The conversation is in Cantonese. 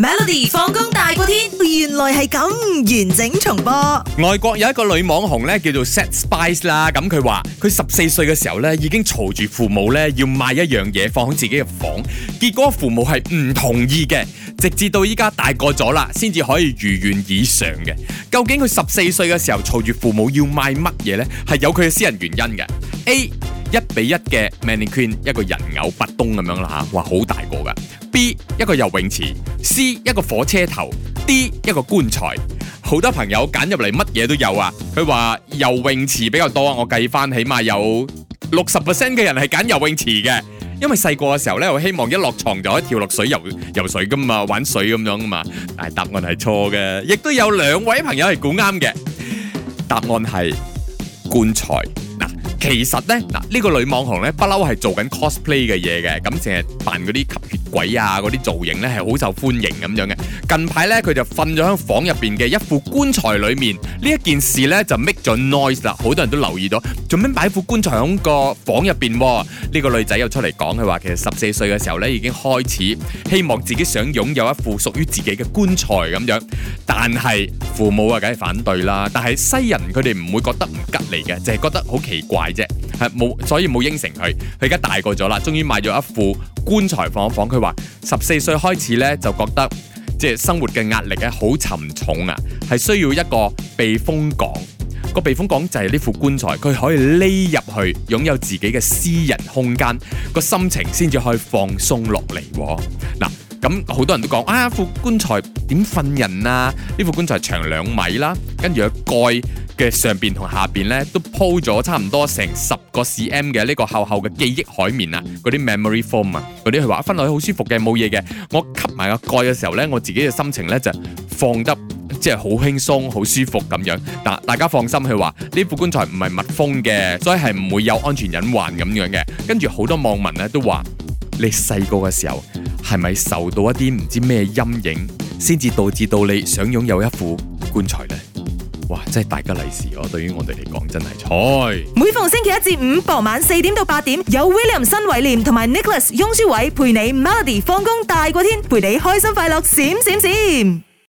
Melody 放工大過天，原來係咁完整重播。外國有一個女網紅咧，叫做 Set Spice 啦，咁佢話佢十四歲嘅時候咧，已經嘈住父母咧，要買一樣嘢放喺自己嘅房，結果父母係唔同意嘅，直至到依家大個咗啦，先至可以如願以償嘅。究竟佢十四歲嘅時候嘈住父母要買乜嘢咧？係有佢嘅私人原因嘅。A 一比一嘅 mannequin，一個人偶不東咁樣啦吓，哇好大個噶。B 一個游泳池，C 一個火車頭，D 一個棺材。好多朋友揀入嚟乜嘢都有啊。佢話游泳池比較多，我計翻起碼有六十 percent 嘅人係揀游泳池嘅，因為細個嘅時候咧，我希望一落床就可以跳落水游游水噶嘛，玩水咁樣噶嘛。但係答案係錯嘅，亦都有兩位朋友係估啱嘅，答案係棺材。其實呢，嗱，呢個女網紅呢，不嬲係做緊 cosplay 嘅嘢嘅，咁成日扮嗰啲吸血鬼啊，嗰啲造型呢，係好受歡迎咁樣嘅。近排呢，佢就瞓咗喺房入邊嘅一副棺材裏面，呢一件事呢，就 make 咗 noise 啦，好多人都留意到。做咩擺副棺材喺個房入邊？呢個女仔又出嚟講佢話，其實十四歲嘅時候呢，已經開始希望自己想擁有一副屬於自己嘅棺材咁樣，但係父母啊梗係反對啦。但係西人佢哋唔會覺得唔吉利嘅，就係覺得好奇怪。係冇，所以冇應承佢。佢而家大個咗啦，終於買咗一副棺材放一放。佢話十四歲開始呢，就覺得即係生活嘅壓力咧好沉重啊，係需要一個避風港。個避風港就係呢副棺材，佢可以匿入去，擁有自己嘅私人空間，個心情先至可以放鬆落嚟。嗱，咁好多人都講啊，副棺材點瞓人啊？呢副棺材長兩米啦，跟住佢蓋嘅上邊同下邊呢，都鋪咗差唔多成十個 cm 嘅呢個厚厚嘅記憶海綿啊，嗰啲 memory foam 啊，嗰啲佢話瞓落去好舒服嘅，冇嘢嘅。我吸埋個蓋嘅時候呢，我自己嘅心情呢，就放得即係好輕鬆、好舒服咁樣。嗱，大家放心，佢話呢副棺材唔係密封嘅，所以係唔會有安全隱患咁樣嘅。跟住好多網民呢，都話：你細個嘅時候係咪受到一啲唔知咩陰影，先至導致到你想擁有一副棺材呢？哇！真係大吉利是哦，對於我哋嚟講真係菜。每逢星期一至五傍晚四點到八點，有 William 新偉廉同埋 Nicholas 翁舒偉陪你 Melody 放工大過天，陪你開心快樂閃閃閃。